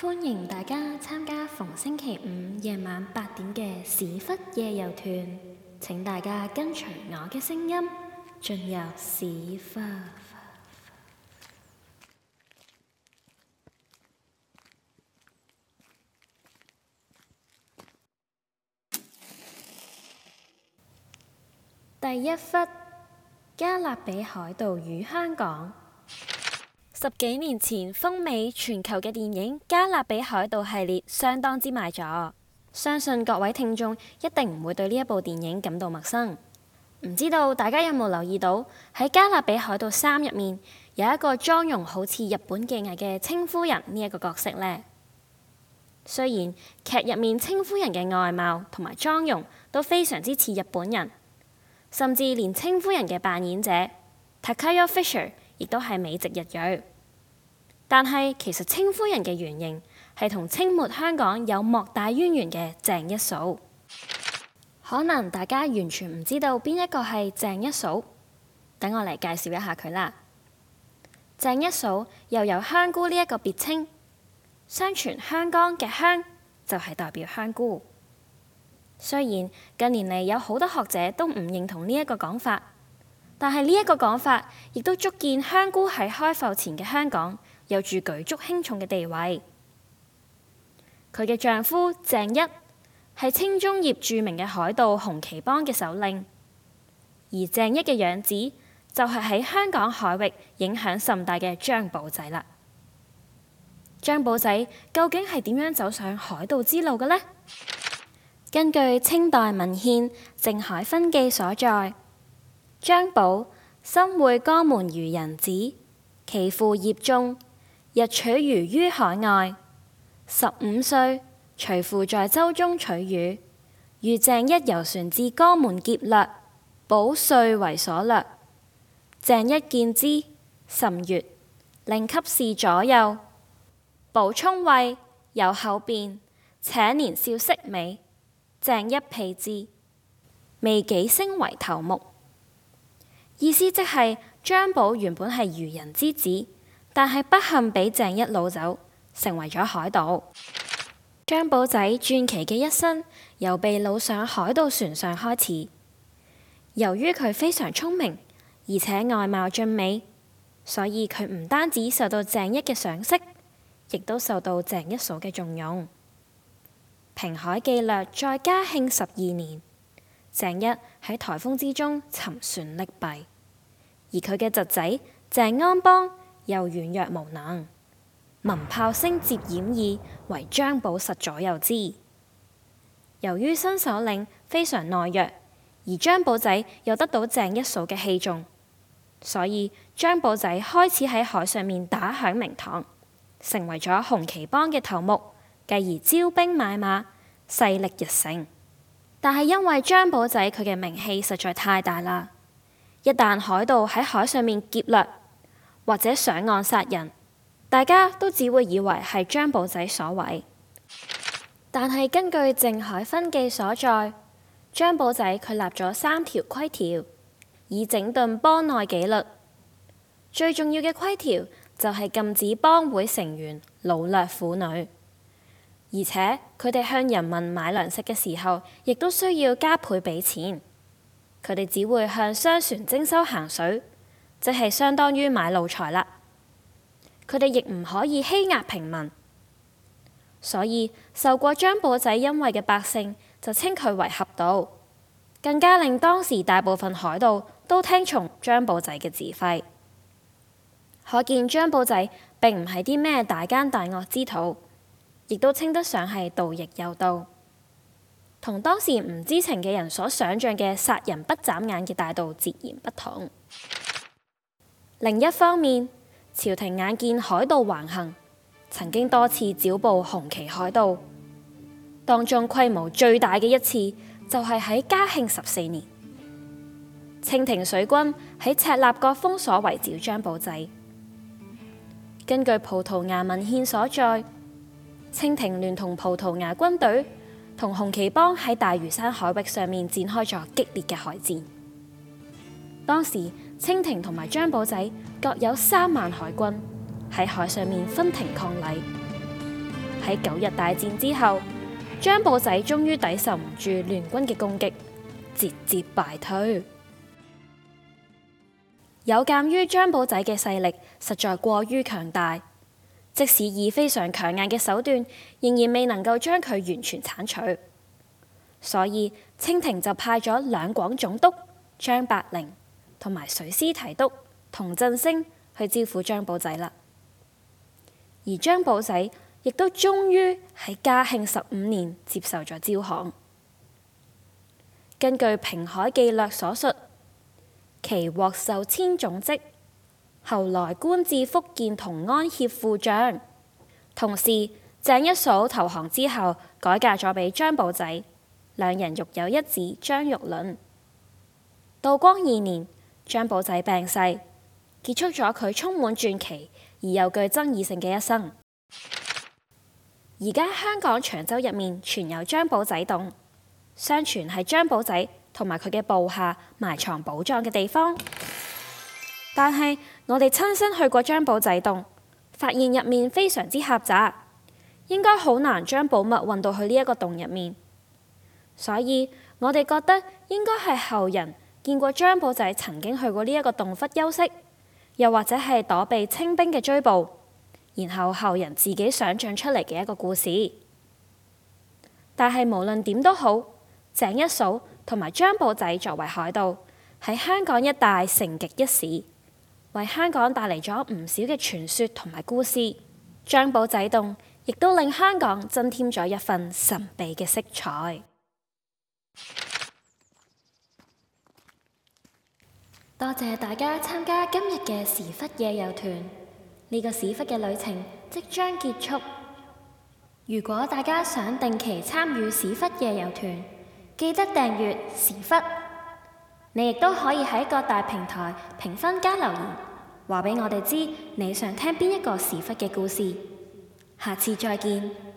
歡迎大家參加逢星期五夜晚八點嘅史窟夜遊團。請大家跟隨我嘅聲音進入史窟。第一窟《加勒比海盜與香港》。十幾年前風靡全球嘅電影《加勒比海盜》系列相當之賣座，相信各位聽眾一定唔會對呢一部電影感到陌生。唔知道大家有冇留意到喺《加勒比海盜三》入面有一個妝容好似日本嘅藝妓嘅清夫人呢一、這個角色呢。雖然劇入面清夫人嘅外貌同埋妝容都非常之似日本人，甚至連清夫人嘅扮演者 Takayo Fisher 亦都係美籍日裔。但係，其實清夫人嘅原型係同清末香港有莫大淵源嘅鄭一嫂。可能大家完全唔知道邊一個係鄭一嫂，等我嚟介紹一下佢啦。鄭一嫂又有香姑呢一個別稱，相傳香江嘅香就係代表香姑。雖然近年嚟有好多學者都唔認同呢一個講法，但係呢一個講法亦都足見香姑喺開埠前嘅香港，有住舉足輕重嘅地位。佢嘅丈夫鄭一係清中葉著名嘅海盜紅旗幫嘅首領，而鄭一嘅養子就係喺香港海域影響甚大嘅張保仔啦。張保仔究竟係點樣走上海盜之路嘅呢？根據清代文獻《靖海氛記》所載，張保，新會江門漁人子，其父業宗。日取魚於海外，十五歲隨父在舟中取魚。遇鄭一游船至江門劫掠，保遂為所掠。鄭一見之，甚悅，令給事左右。保聰慧，有口辯，且年少色美，鄭一辟之，未幾升為頭目。意思即係張保原本係漁人之子。但係不幸俾鄭一擄走，成為咗海盜。張保仔傳奇嘅一生，由被擄上海盜船上開始。由於佢非常聰明，而且外貌俊美，所以佢唔單止受到鄭一嘅賞識，亦都受到鄭一嫂嘅重用。平海紀略在嘉慶十二年，鄭一喺台風之中沉船溺斃，而佢嘅侄仔鄭安邦，又軟弱無能，聞炮聲接掩耳，為張寶實左右之。由於新首領非常懦弱，而張寶仔又得到鄭一嫂嘅器重，所以張寶仔開始喺海上面打響名堂，成為咗紅旗幫嘅頭目，繼而招兵買馬，勢力日盛。但係因為張寶仔佢嘅名氣實在太大啦，一旦海盜喺海上面劫掠。或者上岸殺人，大家都只會以為係張保仔所為。但係根據《靖海分記》所在，張保仔佢立咗三條規條，以整頓幫內紀律。最重要嘅規條就係禁止幫會成員擄掠婦女，而且佢哋向人民買糧食嘅時候，亦都需要加倍俾錢。佢哋只會向商船徵收行水。即係相當於買路財啦，佢哋亦唔可以欺壓平民，所以受過張保仔恩惠嘅百姓就稱佢為俠盜，更加令當時大部分海盜都聽從張保仔嘅指揮。可見張保仔並唔係啲咩大奸大惡之徒，亦都稱得上係盜亦有道，同當時唔知情嘅人所想像嘅殺人不眨眼嘅大盜截然不同。另一方面，朝廷眼見海盜橫行，曾經多次剿捕紅旗海盜。當中規模最大嘅一次，就係喺嘉慶十四年，清廷水軍喺赤鱲角封鎖圍剿張保仔。根據葡萄牙文獻所在，清廷聯同葡萄牙軍隊同紅旗幫喺大嶼山海域上面展開咗激烈嘅海戰。當時。清廷同埋張保仔各有三萬海軍喺海上面分庭抗禮。喺九日大戰之後，張保仔終於抵受唔住聯軍嘅攻擊，節節敗退。有鑒於張保仔嘅勢力實在過於強大，即使以非常強硬嘅手段，仍然未能夠將佢完全鏟除，所以清廷就派咗兩廣總督張百齡。同埋水師提督童振聲去招呼張保仔啦，而張保仔亦都終於喺嘉慶十五年接受咗招降。根據《平海紀略》所述，其獲授千總職，後來官至福建同安協副將。同時，鄭一嫂投降之後，改嫁咗俾張保仔，兩人育有一子張玉麟。道光二年，張保仔病逝，結束咗佢充滿傳奇而又具爭議性嘅一生。而家香港長洲入面存有張保仔洞，相傳係張保仔同埋佢嘅部下埋藏寶藏嘅地方。但係我哋親身去過張保仔洞，發現入面非常之狹窄，應該好難將寶物運到去呢一個洞入面。所以我哋覺得應該係後人。見過張保仔曾經去過呢一個洞窟休息，又或者係躲避清兵嘅追捕，然後後人自己想像出嚟嘅一個故事。但係無論點都好，鄭一嫂同埋張保仔作為海盜喺香港一帶盛極一時，為香港帶嚟咗唔少嘅傳說同埋故事。張保仔洞亦都令香港增添咗一份神秘嘅色彩。多謝大家參加今日嘅史窟夜遊團，呢、這個史窟嘅旅程即將結束。如果大家想定期參與史窟夜遊團，記得訂閱史窟。你亦都可以喺各大平台評分加留言，話俾我哋知你想聽邊一個史窟嘅故事。下次再見。